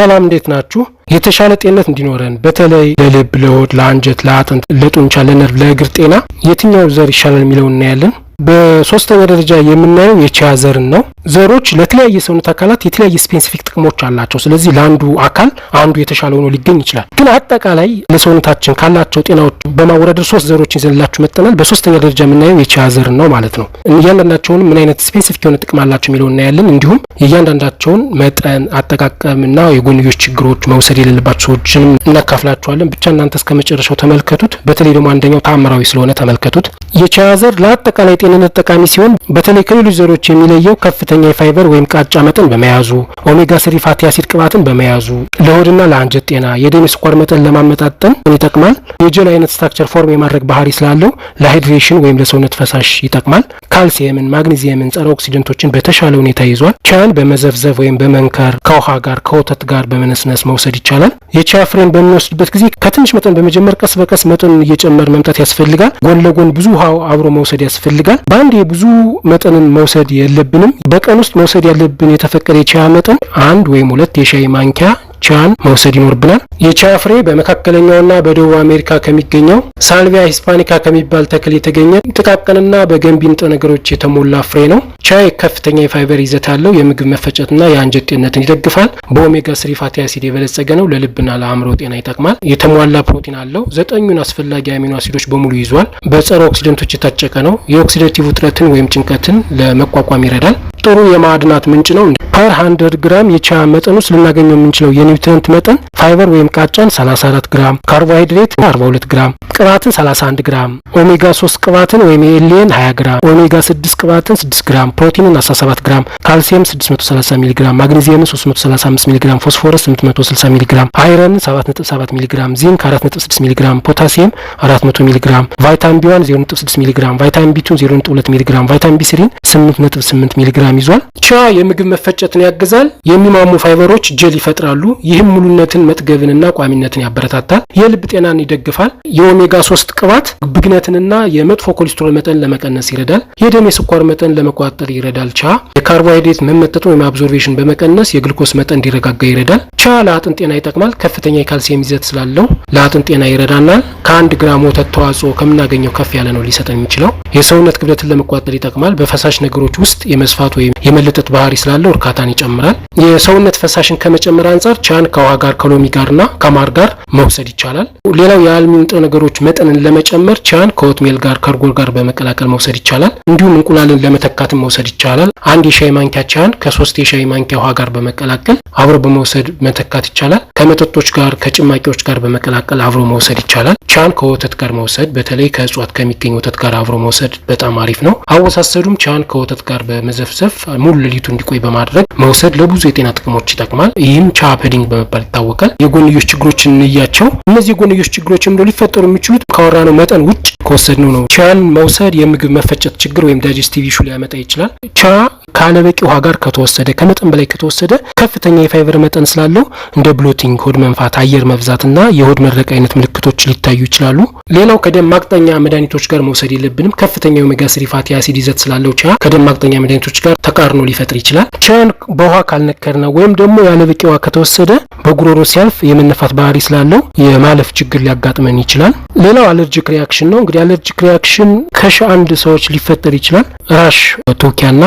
ሰላም እንዴት ናችሁ? የተሻለ ጤንነት እንዲኖረን በተለይ ለልብ፣ ለሆድ፣ ለአንጀት፣ ለአጥንት፣ ለጡንቻ፣ ለነርቭ፣ ለእግር ጤና የትኛው ዘር ይሻላል የሚለው እናያለን። በሶስተኛ ደረጃ የምናየው የቺያ ዘርን ነው። ዘሮች ለተለያየ ሰውነት አካላት የተለያየ ስፔሲፊክ ጥቅሞች አላቸው። ስለዚህ ለአንዱ አካል አንዱ የተሻለ ሆኖ ሊገኝ ይችላል። ግን አጠቃላይ ለሰውነታችን ካላቸው ጤናዎች በማወዳደር ሶስት ዘሮች ይዘንላችሁ መጥተናል። በሶስተኛ ደረጃ የምናየው የቺያ ዘርን ነው ማለት ነው። እያንዳንዳቸውን ምን አይነት ስፔሲፊክ የሆነ ጥቅም አላቸው የሚለው እናያለን። እንዲሁም የእያንዳንዳቸውን መጠን፣ አጠቃቀምና የጎንዮች ችግሮች መውሰድ የሌለባቸው ሰዎችንም እናካፍላችኋለን። ብቻ እናንተ እስከ መጨረሻው ተመልከቱት። በተለይ ደግሞ አንደኛው ተአምራዊ ስለሆነ ተመልከቱት። የቺያ ዘር ለአጠቃላይ ለጤንነት ጠቃሚ ሲሆን በተለይ ከሌሎች ዘሮች የሚለየው ከፍተኛ የፋይበር ወይም ቃጫ መጠን በመያዙ ኦሜጋ ስሪ ፋቲ አሲድ ቅባትን በመያዙ ለሆድና ለአንጀት ጤና የደም ስኳር መጠን ለማመጣጠን ይጠቅማል። የጀል አይነት ስትራክቸር ፎርም የማድረግ ባህሪ ስላለው ለሃይድሬሽን ወይም ለሰውነት ፈሳሽ ይጠቅማል። ካልሲየምን፣ ማግኒዚየምን፣ ጸረ ኦክሲደንቶችን በተሻለ ሁኔታ ይዟል። ቻያን በመዘፍዘፍ ወይም በመንከር ከውሃ ጋር ከወተት ጋር በመነስነስ መውሰድ ይቻላል። የቻያ ፍሬን በምንወስድበት ጊዜ ከትንሽ መጠን በመጀመር ቀስ በቀስ መጠኑን እየጨመር መምጣት ያስፈልጋል። ጎን ለጎን ብዙ ውሃ አብሮ መውሰድ ያስፈልጋል። ይችላል። በአንድ የብዙ መጠንን መውሰድ የለብንም። በቀን ውስጥ መውሰድ ያለብን የተፈቀደ የቻያ መጠን አንድ ወይም ሁለት የሻይ ማንኪያ ቻን መውሰድ ይኖርብናል። የቻ ፍሬ በመካከለኛውና በደቡብ አሜሪካ ከሚገኘው ሳልቪያ ሂስፓኒካ ከሚባል ተክል የተገኘ ጥቃቅንና በገንቢ ንጥረ ነገሮች የተሞላ ፍሬ ነው። ቻይ ከፍተኛ የፋይበር ይዘት ያለው የምግብ መፈጨትና የአንጀት ጤንነትን ይደግፋል። በኦሜጋ ስሪ ፋቲ አሲድ የበለጸገ ነው። ለልብና ለአእምሮ ጤና ይጠቅማል። የተሟላ ፕሮቲን አለው። ዘጠኙን አስፈላጊ አሚኖ አሲዶች በሙሉ ይዟል። በጸረ ኦክሲደንቶች የታጨቀ ነው። የኦክሲደቲቭ ውጥረትን ወይም ጭንቀትን ለመቋቋም ይረዳል። ጥሩ የማዕድናት ምንጭ ነው። ፐር 100 ግራም የቻ መጠን ውስጥ ልናገኘው የምንችለው ኒውትሪንት መጠን ፋይበር ወይም ቃጫን 34 ግራም፣ ካርቦሃይድሬት 42 ግራም፣ ቅባትን 31 ግራም፣ ኦሜጋ 3 ቅባትን ወይም ኤልኤን 20 ግራም፣ ኦሜጋ 6 ቅባትን 6 ግራም፣ ፕሮቲንን 17 ግራም፣ ካልሲየም 630 ሚሊ ግራም፣ ማግኔዚየምን 335 ሚሊ ግራም፣ ፎስፎረስ 860 ሚሊ ግራም፣ አይረንን 7.7 ሚሊ ግራም፣ ዚንክ 4.6 ሚሊ ግራም፣ ፖታሲየም 400 ሚሊ ግራም፣ ቫይታሚን ቢ1 0.6 ሚሊ ግራም፣ ቫይታሚን ቢ2 0.2 ሚሊ ግራም፣ ቫይታሚን ቢ3 8.8 ሚሊ ግራም ይዟል። ቻ የምግብ መፈጨትን ያግዛል። የሚማሙ ፋይበሮች ጀል ይፈጥራሉ። ይህም ሙሉነትን መጥገብንና ቋሚነትን ያበረታታል። የልብ ጤናን ይደግፋል። የኦሜጋ ሶስት ቅባት ብግነትንና የመጥፎ ኮሌስትሮል መጠን ለመቀነስ ይረዳል። የደም የስኳር መጠን ለመቆጣጠር ይረዳል። ቻ የካርቦሃይድሬት መመጠጥ ወይም አብዞርቬሽን በመቀነስ የግልኮስ መጠን እንዲረጋጋ ይረዳል። ቻ ለአጥንት ጤና ይጠቅማል። ከፍተኛ የካልሲየም ይዘት ስላለው ለአጥንት ጤና ይረዳናል። ከአንድ ግራም ወተት ተዋጽኦ ከምናገኘው ከፍ ያለ ነው ሊሰጠን የሚችለው። የሰውነት ክብደትን ለመቆጣጠር ይጠቅማል። በፈሳሽ ነገሮች ውስጥ የመስፋት ወይም የመለጠጥ ባህሪ ስላለው እርካታን ይጨምራል። የሰውነት ፈሳሽን ከመጨመር አንጻር መጥበሻን ከውሃ ጋር ከሎሚ ጋርና ከማር ጋር መውሰድ ይቻላል። ሌላው የአልሚ ንጥረ ነገሮች መጠንን ለመጨመር ቻያን ከኦትሜል ጋር ከእርጎ ጋር በመቀላቀል መውሰድ ይቻላል። እንዲሁም እንቁላልን ለመተካትም መውሰድ ይቻላል። አንድ የሻይ ማንኪያ ቻያን ከሶስት የሻይ ማንኪያ ውሃ ጋር በመቀላቀል አብሮ በመውሰድ መተካት ይቻላል። ከመጠጦች ጋር ከጭማቂዎች ጋር በመቀላቀል አብሮ መውሰድ ይቻላል። ቻን ከወተት ጋር መውሰድ በተለይ ከእጽዋት ከሚገኝ ወተት ጋር አብሮ መውሰድ በጣም አሪፍ ነው። አወሳሰዱም ቻን ከወተት ጋር በመዘፍዘፍ ሙሉ ሌሊቱ እንዲቆይ በማድረግ መውሰድ ለብዙ የጤና ጥቅሞች ይጠቅማል። ይህም ቻ ፐዲንግ ዲዛይን በመባል ይታወቃል። የጎንዮሽ ችግሮችን እንያቸው። እነዚህ የጎንዮሽ ችግሮች ምደ ሊፈጠሩ የሚችሉት ካወራነው መጠን ውጭ ከወሰድነው ነው። ቻን መውሰድ የምግብ መፈጨት ችግር ወይም ዳይጀስቲቭ ኢሹ ሊያመጣ ይችላል። ቻ ካለበቂ ውሃ ጋር ከተወሰደ ከመጠን በላይ ከተወሰደ ከፍተኛ የፋይበር መጠን ስላለው እንደ ብሎቲንግ፣ ሆድ መንፋት፣ አየር መብዛትና የሆድ መድረቅ አይነት ምልክቶች ሊታዩ ይችላሉ። ሌላው ከደም ማቅጠኛ መድኃኒቶች ጋር መውሰድ የለብንም። ከፍተኛ የኦሜጋ ስሪ ፋቲ አሲድ ይዘት ስላለው ቻ ከደም ማቅጠኛ መድኃኒቶች ጋር ተቃርኖ ሊፈጥር ይችላል። ቻን በውሃ ካልነከር ነው ወይም ደግሞ ያለበቂ ውሃ ከተወሰደ በጉሮሮ ሲያልፍ የመነፋት ባህሪ ስላለው የማለፍ ችግር ሊያጋጥመን ይችላል። ሌላው አለርጂክ ሪያክሽን ነው። እንግዲህ አለርጂክ ሪያክሽን ከሺ አንድ ሰዎች ሊፈጠር ይችላል። ራሽ ቶኪያና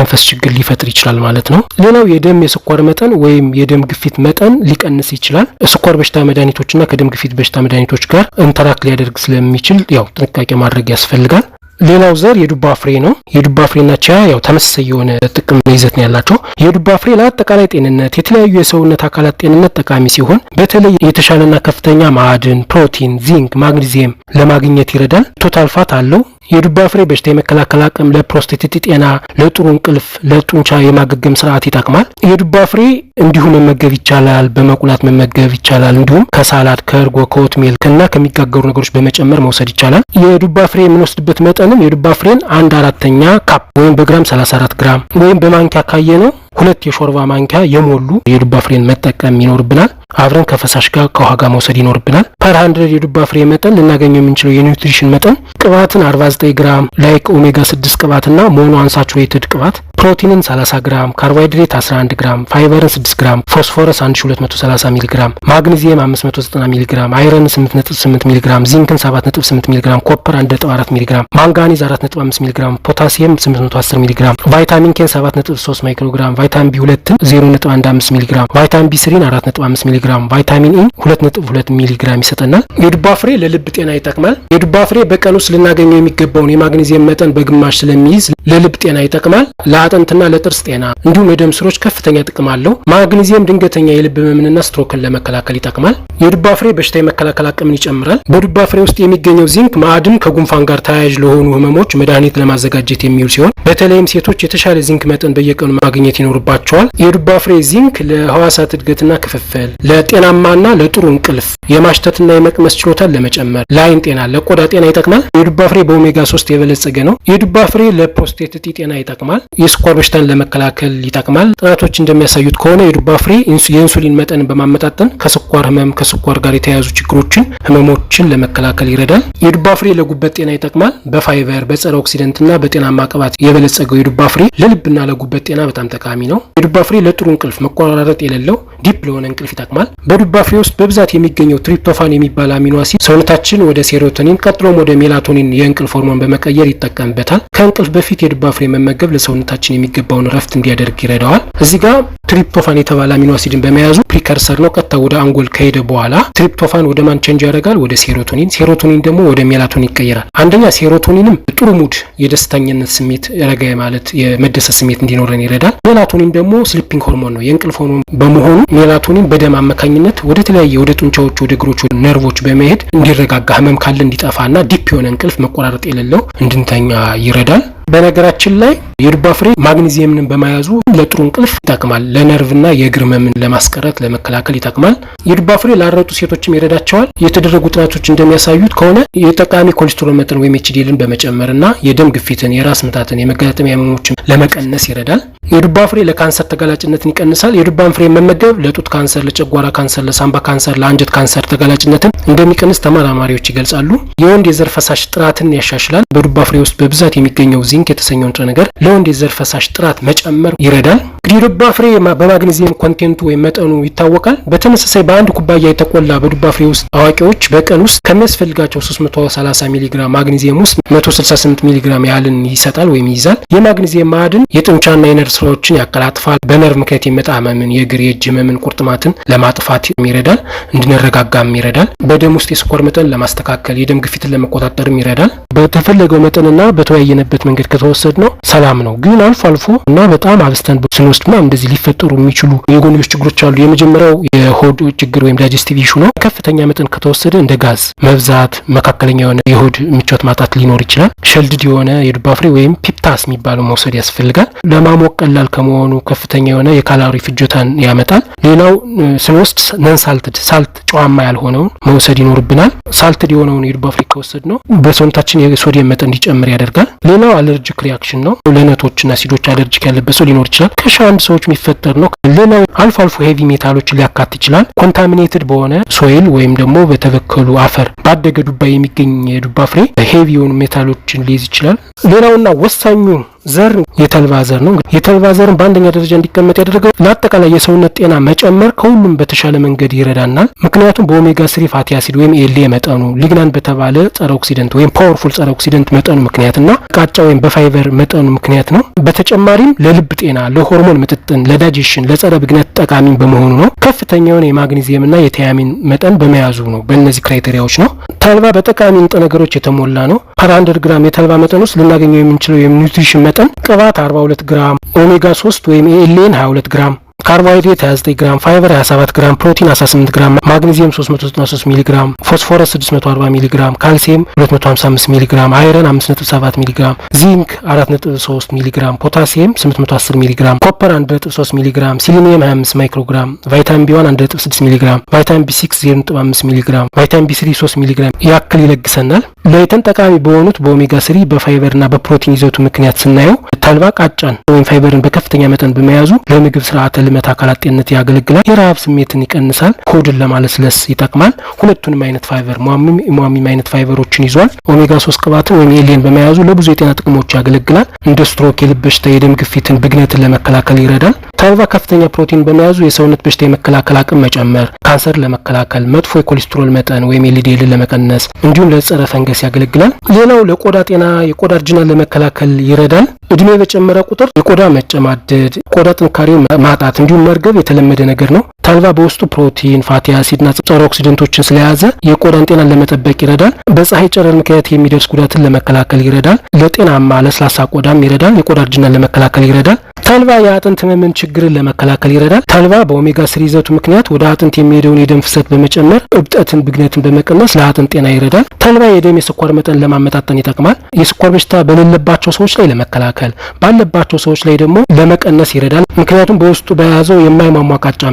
የመተንፈስ ችግር ሊፈጥር ይችላል ማለት ነው። ሌላው የደም የስኳር መጠን ወይም የደም ግፊት መጠን ሊቀንስ ይችላል። ስኳር በሽታ መድኃኒቶችና ከደም ግፊት በሽታ መድኃኒቶች ጋር እንተራክ ሊያደርግ ስለሚችል ያው ጥንቃቄ ማድረግ ያስፈልጋል። ሌላው ዘር የዱባ ፍሬ ነው። የዱባ ፍሬና ቻያ ያው ተመሳሳይ የሆነ ጥቅም ይዘት ነው ያላቸው። የዱባ ፍሬ ለአጠቃላይ ጤንነት፣ የተለያዩ የሰውነት አካላት ጤንነት ጠቃሚ ሲሆን በተለይ የተሻለና ከፍተኛ ማዕድን፣ ፕሮቲን፣ ዚንክ፣ ማግኒዚየም ለማግኘት ይረዳል። ቶታል ፋት አለው። የዱባ ፍሬ በሽታ የመከላከል አቅም ለፕሮስቴቲት ጤና፣ ለጥሩ እንቅልፍ፣ ለጡንቻ የማገገም ስርዓት ይጠቅማል። የዱባ ፍሬ እንዲሁ መመገብ ይቻላል፣ በመቁላት መመገብ ይቻላል። እንዲሁም ከሳላድ ከእርጎ ከኦትሜል እና ከሚጋገሩ ነገሮች በመጨመር መውሰድ ይቻላል። የዱባ ፍሬ የምንወስድበት መጠንም የዱባ ፍሬን አንድ አራተኛ ካፕ ወይም በግራም 34 ግራም ወይም በማንኪያ ካየ ነው ሁለት የሾርባ ማንኪያ የሞሉ የዱባ ፍሬን መጠቀም ይኖርብናል። አብረን ከፈሳሽ ጋር ከውሃ ጋር መውሰድ ይኖርብናል። ፐር ሀንድረድ የዱባ ፍሬ መጠን ልናገኘው የምንችለው የኒውትሪሽን መጠን ቅባትን 49 ግራም ላይክ ኦሜጋ 6 ቅባትና ሞኖ አንሳቹሬትድ ቅባት ፕሮቲንን 30 ግራም፣ ካርቦሃይድሬት 11 ግራም፣ ፋይበርን 6 ግራም፣ ፎስፎረስ 1230 ሚሊ ግራም፣ ማግኒዚየም 590 ሚሊ ግራም፣ አይረን 8.8 ሚሊ ግራም፣ ዚንክን 7.8 ሚሊ ግራም፣ ኮፐር 1.4 ሚሊ ግራም፣ ማንጋኒዝ 4.5 ሚሊ ግራም፣ ፖታሲየም 810 ሚሊ ግራም፣ ቫይታሚን ኬን 7.3 ማይክሮግራም፣ ቫይታሚን ቢ2ን 0.15 ሚሊ ግራም፣ ቫይታሚን ቢ3ን 4.5 ሚሊ ሚሊግራም ቫይታሚን ኢ 2.2 ሚሊግራም ይሰጠናል። የዱባ ፍሬ ለልብ ጤና ይጠቅማል። የዱባ ፍሬ በቀን ውስጥ ልናገኘው የሚገባውን የማግኔዚየም መጠን በግማሽ ስለሚይዝ ለልብ ጤና ይጠቅማል። ለአጥንትና ለጥርስ ጤና እንዲሁም የደም ስሮች ከፍተኛ ጥቅም አለው። ማግኔዚየም ድንገተኛ የልብ ህመምንና ስትሮክን ለመከላከል ይጠቅማል። የዱባ ፍሬ በሽታ የመከላከል አቅምን ይጨምራል። በዱባ ፍሬ ውስጥ የሚገኘው ዚንክ ማዕድን ከጉንፋን ጋር ተያያዥ ለሆኑ ህመሞች መድኃኒት ለማዘጋጀት የሚውል ሲሆን በተለይም ሴቶች የተሻለ ዚንክ መጠን በየቀኑ ማግኘት ይኖርባቸዋል። የዱባ ፍሬ ዚንክ ለህዋሳት እድገትና ክፍፍል ለጤናማና ለጥሩ እንቅልፍ የማሽተትና የመቅመስ ችሎታን ለመጨመር ለአይን ጤና ለቆዳ ጤና ይጠቅማል። የዱባ ፍሬ በኦሜጋ ሶስት የበለጸገ ነው። የዱባ ፍሬ ለፕሮስቴት እጢ ጤና ይጠቅማል። የስኳር በሽታን ለመከላከል ይጠቅማል። ጥናቶች እንደሚያሳዩት ከሆነ የዱባ ፍሬ የኢንሱሊን መጠን በማመጣጠን ከስኳር ህመም ከስኳር ጋር የተያያዙ ችግሮችን ህመሞችን ለመከላከል ይረዳል። የዱባ ፍሬ ለጉበት ጤና ይጠቅማል። በፋይበር በጸረ ኦክሲደንትና በጤናማ ቅባት የበለጸገው የዱባ ፍሬ ለልብና ለጉበት ጤና በጣም ጠቃሚ ነው። የዱባ ፍሬ ለጥሩ እንቅልፍ መቆራረጥ የሌለው ዲፕ ለሆነ እንቅልፍ ይጠቅማል። በዱባ ፍሬ ውስጥ በብዛት የሚገኘው ትሪፕቶፋን የሚባል አሚኖ አሲድ ሰውነታችን ወደ ሴሮቶኒን ቀጥሎም ወደ ሜላቶኒን የእንቅልፍ ሆርሞን በመቀየር ይጠቀምበታል። ከእንቅልፍ በፊት የዱባ ፍሬ መመገብ ለሰውነታችን የሚገባውን እረፍት እንዲያደርግ ይረዳዋል። እዚህ ጋር ትሪፕቶፋን የተባለ አሚኖ አሲድን በመያዙ ፕሪከርሰር ነው። ቀጥታ ወደ አንጎል ከሄደ በኋላ ትሪፕቶፋን ወደ ማን ቸንጅ ያደርጋል? ወደ ሴሮቶኒን፣ ሴሮቶኒን ደግሞ ወደ ሜላቶኒን ይቀየራል። አንደኛ ሴሮቶኒንም ጥሩ ሙድ፣ የደስተኝነት ስሜት ረጋ ማለት የመደሰት ስሜት እንዲኖረን ይረዳል። ሜላቶኒን ደግሞ ስሊፒንግ ሆርሞን ነው፣ የእንቅልፍ ሆርሞን በመሆኑ ሜላቶኒን በደም አማካኝነት ወደ ተለያየ ወደ ጡንቻዎች፣ ወደ እግሮች፣ ወደ ነርቮች በመሄድ እንዲረጋጋ ህመም ካለ እንዲጠፋና ዲፕ የሆነ እንቅልፍ መቆራረጥ የሌለው እንድንተኛ ይረዳል። በነገራችን ላይ የዱባ ፍሬ ማግኒዚየምን በመያዙ ለጥሩ እንቅልፍ ይጠቅማል። ለነርቭና የእግር ህመምን ለማስቀረት ለመከላከል ይጠቅማል። የዱባ ፍሬ ላረጡ ሴቶችም ይረዳቸዋል። የተደረጉ ጥናቶች እንደሚያሳዩት ከሆነ የጠቃሚ ኮሌስትሮል መጠን ወይም ኤችዲኤልን በመጨመርና የደም ግፊትን፣ የራስ ምታትን፣ የመገጣጠሚያ ህመሞችን ለመቀነስ ይረዳል። የዱባ ፍሬ ለካንሰር ተጋላጭነትን ይቀንሳል። የዱባን ፍሬ መመገብ ለጡት ካንሰር፣ ለጨጓራ ካንሰር፣ ለሳምባ ካንሰር፣ ለአንጀት ካንሰር ተጋላጭነትን እንደሚቀንስ ተመራማሪዎች ይገልጻሉ። የወንድ የዘር ፈሳሽ ጥራትን ያሻሽላል። በዱባ ፍሬ ውስጥ በብዛት የሚገኘው ዚ ዚንክ የተሰኘውን ንጥረ ነገር ለወንድ የዘር ፈሳሽ ጥራት መጨመር ይረዳል። እንግዲህ የዱባ ፍሬ በማግኔዚየም ኮንቴንቱ ወይም መጠኑ ይታወቃል። በተመሳሳይ በአንድ ኩባያ የተቆላ በዱባ ፍሬ ውስጥ አዋቂዎች በቀን ውስጥ ከሚያስፈልጋቸው 330 ሚሊግራም ማግኔዚየም ውስጥ 168 ሚሊግራም ያህልን ይሰጣል ወይም ይይዛል። የማግኔዚየም ማዕድን የጡንቻና የነርቭ ስራዎችን ያቀላጥፋል። በነርቭ ምክንያት የሚመጣ ህመምን፣ የእግር የእጅ ህመምን፣ ቁርጥማትን ለማጥፋት ይረዳል። እንድንረጋጋም ይረዳል። በደም ውስጥ የስኳር መጠን ለማስተካከል፣ የደም ግፊትን ለመቆጣጠርም ይረዳል። በተፈለገው መጠንና በተወያየነበት መንገድ ከተወሰድ ነው ሰላም ነው። ግን አልፎ አልፎ እና በጣም አብስተን ስንወስድማ እንደዚህ ሊፈጠሩ የሚችሉ የጎንዮች ችግሮች አሉ። የመጀመሪያው የሆድ ችግር ወይም ዳይጀስቲቭ ኢሹ ነው። ከፍተኛ መጠን ከተወሰደ እንደ ጋዝ መብዛት፣ መካከለኛ የሆነ የሆድ ምቾት ማጣት ሊኖር ይችላል። ሸልድድ የሆነ የዱባ ፍሬ ወይም ፒፕታስ የሚባለው መውሰድ ያስፈልጋል። ለማሞቅ ቀላል ከመሆኑ ከፍተኛ የሆነ የካላሪ ፍጆታን ያመጣል። ሌላው ስንወስድ ነን ሳልትድ ሳልት ጨዋማ ያልሆነውን መውሰድ ይኖርብናል። ሳልትድ የሆነውን የዱባ ፍሬ ከወሰድ ነው በሰውነታችን የሶዲየም መጠን እንዲጨምር ያደርጋል። ሌላው አለር አለርጂክ ሪያክሽን ነው። ለእነቶችና ሲዶች አለርጂክ ያለበት ሰው ሊኖር ይችላል። ከሻምፕ ሰዎች የሚፈጠር ነው። ሌላው አልፎ አልፎ ሄቪ ሜታሎችን ሊያካት ይችላል። ኮንታሚኔትድ በሆነ ሶይል ወይም ደግሞ በተበከሉ አፈር ባደገ ዱባ የሚገኝ የዱባ ፍሬ ሄቪ የሆኑ ሜታሎችን ሊይዝ ይችላል። ሌላውና ወሳኙ ዘር የተልባ ዘር ነው። እንግዲህ የተልባ ዘርን በአንደኛ ደረጃ እንዲቀመጥ ያደረገው ለአጠቃላይ የሰውነት ጤና መጨመር ከሁሉም በተሻለ መንገድ ይረዳናል። ምክንያቱም በኦሜጋ ስሪ ፋቲ አሲድ ወይም ኤሌ መጠኑ ሊግናን በተባለ ጸረ ኦክሲደንት ወይም ፓወርፉል ጸረ ኦክሲደንት መጠኑ ምክንያትና ቃጫ ወይም በፋይቨር መጠኑ ምክንያት ነው። በተጨማሪም ለልብ ጤና፣ ለሆርሞን ምጥጥን፣ ለዳይጀሽን፣ ለጸረ ብግነት ጠቃሚ በመሆኑ ነው። ከፍተኛውን የማግኔዚየምና የቲያሚን መጠን በመያዙ ነው። በእነዚህ ክራይቴሪያዎች ነው። ተልባ በጠቃሚ ንጥረ ነገሮች የተሞላ ነው። ፐር ሀንድርድ ግራም የተልባ መጠን ውስጥ ልናገኘው የምንችለው የኒውትሪሽን መጠን ቅባት 42 ግራም፣ ኦሜጋ 3 ወይም ኤኤልኤን 22 ግራም ካርቦሃይድሬት 29 ግራም፣ ፋይበር 27 ግራም፣ ፕሮቲን 18 ግራም፣ ማግኔዚየም 393 ሚሊ ግራም፣ ፎስፎረስ 640 ሚሊ ግራም፣ ካልሲየም 255 ሚሊ ግራም፣ አይረን 57 ሚሊ ግራም፣ ዚንክ 43 ሚሊ ግራም፣ ፖታሲየም 810 ሚሊ ግራም፣ ኮፐር 13 ሚሊ ግራም፣ ሲሊኒየም 25 ማይክሮ ግራም፣ ቫይታሚን ቢ1 16 ሚሊ ግራም፣ ቫይታሚን ቢ6 05 ሚሊ ግራም፣ ቫይታሚን ቢ3 3 ሚሊ ግራም ያክል ይለግሰናል። ለይተን ጠቃሚ በሆኑት በኦሜጋ 3 በፋይበርና በፕሮቲን ይዘቱ ምክንያት ስናየው ተልባ ቃጫን ወይም ፋይበርን በከፍተኛ መጠን በመያዙ ለምግብ ስርዓተ ለህልመት አካላት ጤንነት ያገለግላል። የረሃብ ስሜትን ይቀንሳል። ሆድን ለማለስለስ ይጠቅማል። ሁለቱንም አይነት ፋይበር ሟሚም አይነት ፋይበሮችን ይዟል። ኦሜጋ ሶስት ቅባትን ወይም ኤሊየን በመያዙ ለብዙ የጤና ጥቅሞች ያገለግላል። እንደ ስትሮክ፣ የልብ በሽታ፣ የደም ግፊትን፣ ብግነትን ለመከላከል ይረዳል። ታይቫ ከፍተኛ ፕሮቲን በመያዙ የሰውነት በሽታ የመከላከል አቅም መጨመር፣ ካንሰር ለመከላከል፣ መጥፎ የኮሌስትሮል መጠን ወይም ኤልዲኤልን ለመቀነስ እንዲሁም ለጸረ ፈንገስ ያገለግላል። ሌላው ለቆዳ ጤና የቆዳ እርጅናን ለመከላከል ይረዳል። እድሜ በጨመረ ቁጥር የቆዳ መጨማደድ፣ ቆዳ ጥንካሬ ማጣት እንዲሁም መርገብ የተለመደ ነገር ነው። ታልባ በውስጡ ፕሮቲን፣ ፋቲ አሲድና ጸረ ኦክሲደንቶችን ስለያዘ የቆዳን ጤናን ለመጠበቅ ይረዳል። በፀሐይ ጨረር ምክንያት የሚደርስ ጉዳትን ለመከላከል ይረዳል። ለጤናማ ለስላሳ ቆዳም ይረዳል። የቆዳ እርጅናን ለመከላከል ይረዳል። ታልባ የአጥንት ህመምን ችግርን ለመከላከል ይረዳል። ታልባ በኦሜጋ ስሪ ይዘቱ ምክንያት ወደ አጥንት የሚሄደውን የደም ፍሰት በመጨመር እብጠትን፣ ብግነትን በመቀነስ ለአጥንት ጤና ይረዳል። ታልባ የደም የስኳር መጠን ለማመጣጠን ይጠቅማል። የስኳር በሽታ በሌለባቸው ሰዎች ላይ ለመከላከል መከላከል ባለባቸው ሰዎች ላይ ደግሞ ለመቀነስ ይረዳል። ምክንያቱም በውስጡ በያዘው የማይሟሟ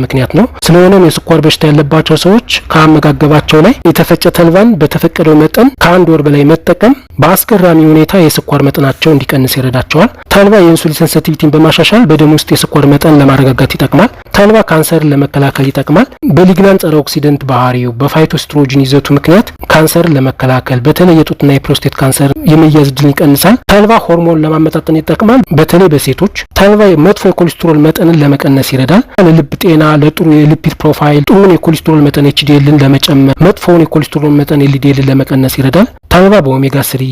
ምክንያት ነው። ስለሆነም የስኳር በሽታ ያለባቸው ሰዎች ከአመጋገባቸው ላይ የተፈጨ ተልባን በተፈቀደው መጠን ከአንድ ወር በላይ መጠቀም በአስገራሚ ሁኔታ የስኳር መጠናቸው እንዲቀንስ ይረዳቸዋል። ተልባ የኢንሱሊን ሴንሲቲቪቲን በማሻሻል በደም ውስጥ የስኳር መጠን ለማረጋጋት ይጠቅማል። ተልባ ካንሰርን ለመከላከል ይጠቅማል። በሊግናን ጸረ ኦክሲደንት ባህሪው፣ በፋይቶስትሮጂን ይዘቱ ምክንያት ካንሰርን ለመከላከል በተለይ የጡትና የፕሮስቴት ካንሰር የመያዝ ይቀንሳል። ተልባ ሆርሞን ለማመጣጠን ይጠቅማል። በተለይ በሴቶች ተልባ መጥፎ የኮሌስትሮል መጠንን ለመቀነስ ይረዳል። ለልብ ጤና፣ ለጥሩ የሊፒድ ፕሮፋይል ጥሩን የኮሌስትሮል መጠን ኤችዲኤልን ለመጨመር መጥፎውን የኮሌስትሮል መጠን ኤልዲኤልን ለመቀነስ ይረዳል። ታበባ በኦሜጋ ስሪ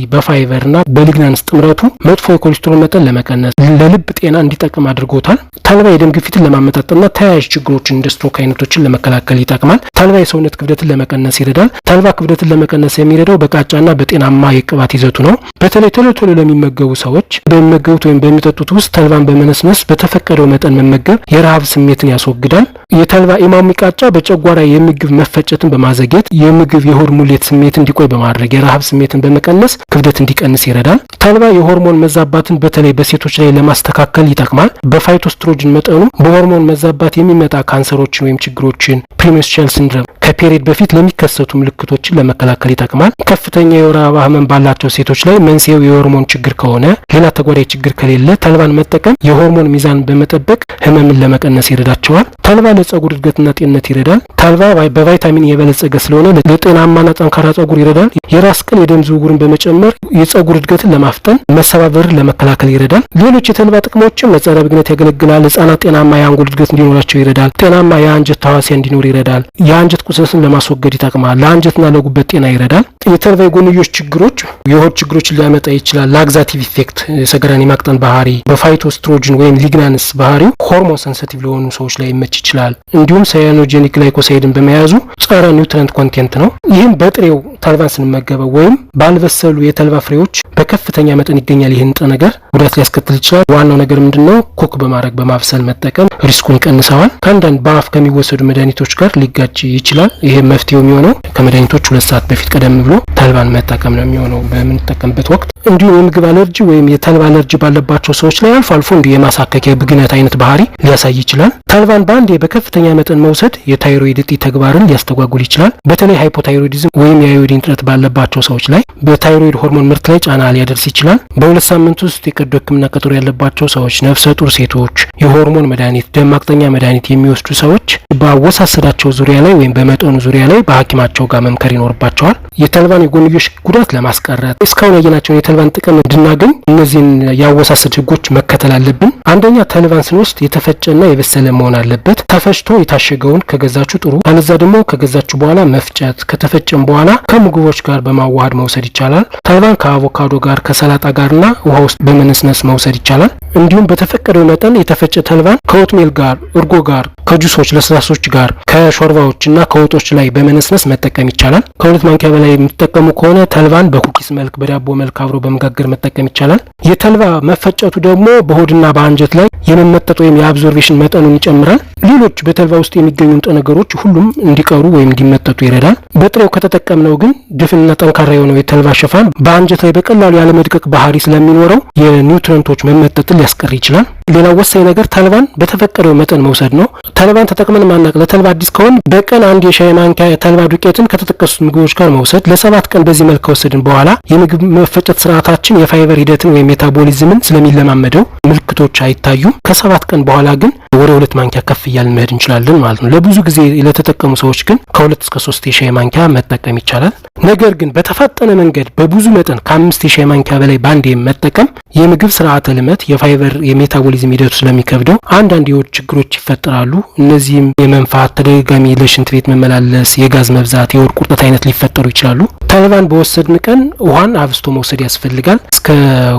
እና በሊግናንስ ጥምረቱ መጥፎ የኮሌስትሮል መጠን ለመቀነስ ለልብ ጤና እንዲጠቅም አድርጎታል። ተልባ የደም ግፊትን ለማመጣጠና ተያያዥ ችግሮችን እንደ ስትሮክ አይነቶችን ለመከላከል ይጠቅማል። ታልባ የሰውነት ክብደትን ለመቀነስ ይረዳል። ታልባ ክብደትን ለመቀነስ የሚረዳው በቃጫና በጤናማ የቅባት ይዘቱ ነው። በተለይ ቶሎ ቶሎ ለሚመገቡ ሰዎች በሚመገቡት ወይም በሚጠጡት ውስጥ ታልባን በመነስነስ በተፈቀደው መጠን መመገብ የረሃብ ስሜትን ያስወግዳል። የተልባ ኢማም ሚቃጫ በጨጓራ የምግብ መፈጨትን በማዘግየት የምግብ የሆድ ሙሌት ስሜት እንዲቆይ በማድረግ የረሃብ ስሜትን በመቀነስ ክብደት እንዲቀንስ ይረዳል። ተልባ የሆርሞን መዛባትን በተለይ በሴቶች ላይ ለማስተካከል ይጠቅማል። በፋይቶስትሮጅን መጠኑ በሆርሞን መዛባት የሚመጣ ካንሰሮችን ወይም ችግሮችን ፕሪሜስቻል ሲንድረም ከፔሪድ በፊት ለሚከሰቱ ምልክቶችን ለመከላከል ይጠቅማል። ከፍተኛ የወር አበባ ህመም ባላቸው ሴቶች ላይ መንስኤው የሆርሞን ችግር ከሆነ ሌላ ተጓዳኝ ችግር ከሌለ ተልባን መጠቀም የሆርሞን ሚዛን በመጠበቅ ህመምን ለመቀነስ ይረዳቸዋል። ተልባ ለጸጉር እድገትና ጤንነት ይረዳል። ተልባ በቫይታሚን የበለጸገ ስለሆነ ለጤናማና ጠንካራ ጸጉር ይረዳል። የራስ ቅል የደም ዝውውርን በመጨመር የጸጉር እድገትን ለማፍጠን መሰባበርን ለመከላከል ይረዳል። ሌሎች የተልባ ጥቅሞችም ለጸረ ብግነት ያገለግላል። ህጻናት ጤናማ የአንጎል እድገት እንዲኖራቸው ይረዳል። ጤናማ የአንጀት ተዋሲያ እንዲኖር ይረዳል። የአንጀት ቁስለትን ለማስወገድ ይጠቅማል። ለአንጀትና ለጉበት ጤና ይረዳል። የተርቫ የጎንዮሽ ችግሮች የሆድ ችግሮችን ሊያመጣ ይችላል። ላግዛቲቭ ኢፌክት ሰገራን የማቅጠን ባህሪ፣ በፋይቶስትሮጅን ወይም ሊግናንስ ባህሪው ሆርሞን ሰንሰቲቭ ለሆኑ ሰዎች ላይ ይመች ይችላል። እንዲሁም ሳያኖጀኒክ ግላይኮሳይድን በመያዙ ጸረ ኒውትረንት ኮንቴንት ነው። ይህም በጥሬው ተልባን ስንመገበው ወይም ባልበሰሉ የተልባ ፍሬዎች በከፍተኛ መጠን ይገኛል። ይህን ንጥረ ነገር ጉዳት ሊያስከትል ይችላል። ዋናው ነገር ምንድን ነው? ኩክ በማድረግ በማብሰል መጠቀም ሪስኩን ይቀንሰዋል። ከአንዳንድ በአፍ ከሚወሰዱ መድኃኒቶች ጋር ሊጋጭ ይችላል። ይህ መፍትሄው የሚሆነው ከመድኃኒቶች ሁለት ሰዓት በፊት ቀደም ብሎ ተልባን መጠቀም ነው የሚሆነው። በምንጠቀምበት ወቅት እንዲሁም የምግብ አለርጂ ወይም የተልባ አለርጂ ባለባቸው ሰዎች ላይ አልፎ አልፎ እንዲሁ የማሳከክ የብግነት አይነት ባህሪ ሊያሳይ ይችላል። ተልባን በአንዴ በከፍተኛ መጠን መውሰድ የታይሮይድ እጢ ተግባርን ሊያስተጓጉል ይችላል። በተለይ ሃይፖታይሮይዲዝም ወይም የአዮዲን እጥረት ባለባቸው ሰዎች ላይ በታይሮይድ ሆርሞን ምርት ላይ ጫና ሊያደርስ ይችላል። በሁለት ሳምንት ውስጥ የቀዶ ሕክምና ቀጠሮ ያለባቸው ሰዎች፣ ነፍሰ ጡር ሴቶች፣ የሆርሞን መድኃኒት፣ ደም ማቅጠኛ መድኃኒት የሚወስዱ ሰዎች በአወሳሰዳቸው ዙሪያ ላይ ወይም በመጠኑ ዙሪያ ላይ በሐኪማቸው ጋር መምከር ይኖርባቸዋል። የተልባን የጎንዮሽ ጉዳት ለማስቀረት እስካሁን ያየናቸውን የተልባን ጥቅም እንድናገኝ እነዚህን የአወሳሰድ ህጎች መከተል አለብን። አንደኛ ተልባን ስንወስድ የተፈጨና የበሰለ መሆን አለበት። ተፈጭቶ የታሸገውን ከገዛችሁ ጥሩ። ከነዛ ደግሞ ከገዛችሁ በኋላ መፍጨት፣ ከተፈጨም በኋላ ከምግቦች ጋር በማዋሃድ መውሰድ ይቻላል። ተልባን ከአቮካዶ ጋር ከሰላጣ ጋርና ውሃ ውስጥ በመነስነስ መውሰድ ይቻላል። እንዲሁም በተፈቀደው መጠን የተፈጨ ተልባን ከኦትሜል ጋር፣ እርጎ ጋር ከጁሶች ለስላሶች ጋር ከሾርባዎችና ከወጦች ላይ በመነስነስ መጠቀም ይቻላል። ከሁለት ማንኪያ በላይ የሚጠቀሙ ከሆነ ተልባን በኩኪስ መልክ በዳቦ መልክ አብሮ በመጋገር መጠቀም ይቻላል። የተልባ መፈጨቱ ደግሞ በሆድና በአንጀት ላይ የመመጠጥ ወይም የአብዞርቬሽን መጠኑን ይጨምራል። ሌሎች በተልባ ውስጥ የሚገኙ ንጥረ ነገሮች ሁሉም እንዲቀሩ ወይም እንዲመጠጡ ይረዳል። በጥሬው ከተጠቀምነው ግን ድፍንና ጠንካራ የሆነው የተልባ ሽፋን በአንጀት ላይ በቀላሉ ያለመድቀቅ ባህሪ ስለሚኖረው የኒውትረንቶች መመጠጥን ሊያስቀር ይችላል። ሌላው ወሳኝ ነገር ተልባን በተፈቀደው መጠን መውሰድ ነው። ተልባን ተጠቅመን ማናቅ ለተልባ አዲስ ከሆን በቀን አንድ የሻይ ማንኪያ የተልባ ዱቄትን ከተጠቀሱት ምግቦች ጋር መውሰድ ለሰባት ቀን በዚህ መልክ ከወሰድን በኋላ የምግብ መፈጨት ስርዓታችን የፋይበር ሂደትን ወይም ሜታቦሊዝምን ስለሚለማመደው ምልክቶች አይታዩም። ከሰባት ቀን በኋላ ግን ወደ ሁለት ማንኪያ ከፍ እያል መሄድ እንችላለን ማለት ነው። ለብዙ ጊዜ ለተጠቀሙ ሰዎች ግን ከሁለት እስከ ሶስት የሻይ ማንኪያ መጠቀም ይቻላል። ነገር ግን በተፋጠነ መንገድ በብዙ መጠን ከአምስት የሻይ ማንኪያ በላይ በአንዴ መጠቀም የምግብ ስርዓተ ልመት የፋይበር የሜታቦሊዝም ሂደቱ ስለሚከብደው አንዳንድ የወድ ችግሮች ይፈጠራሉ። እነዚህም የመንፋት፣ ተደጋጋሚ ለሽንት ቤት መመላለስ፣ የጋዝ መብዛት፣ የወድ ቁርጠት አይነት ሊፈጠሩ ይችላሉ። ተልባን በወሰድን ቀን ውሃን አብስቶ መውሰድ ያስፈልጋል። እስከ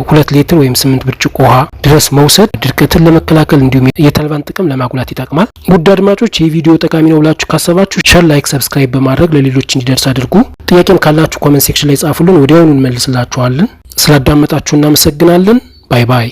ሁለት ሊትር ወይም ስምንት ብርጭቆ ውሃ ድረስ መውሰድ ድርቀትን ለመከላከል እንዲሁም የተልባን ጥቅም ለማጉላት ይጠቅማል። ይጠቅማል። ውድ አድማጮች ይህ ቪዲዮ ጠቃሚ ነው ብላችሁ ካሰባችሁ ሸር፣ ላይክ፣ ሰብስክራይብ በማድረግ ለሌሎች እንዲደርስ አድርጉ። ጥያቄም ካላችሁ ኮመንት ሴክሽን ላይ ጻፉልን፣ ወዲያውኑ እንመልስላችኋለን። ስላዳመጣችሁ እናመሰግናለን። ባይ ባይ።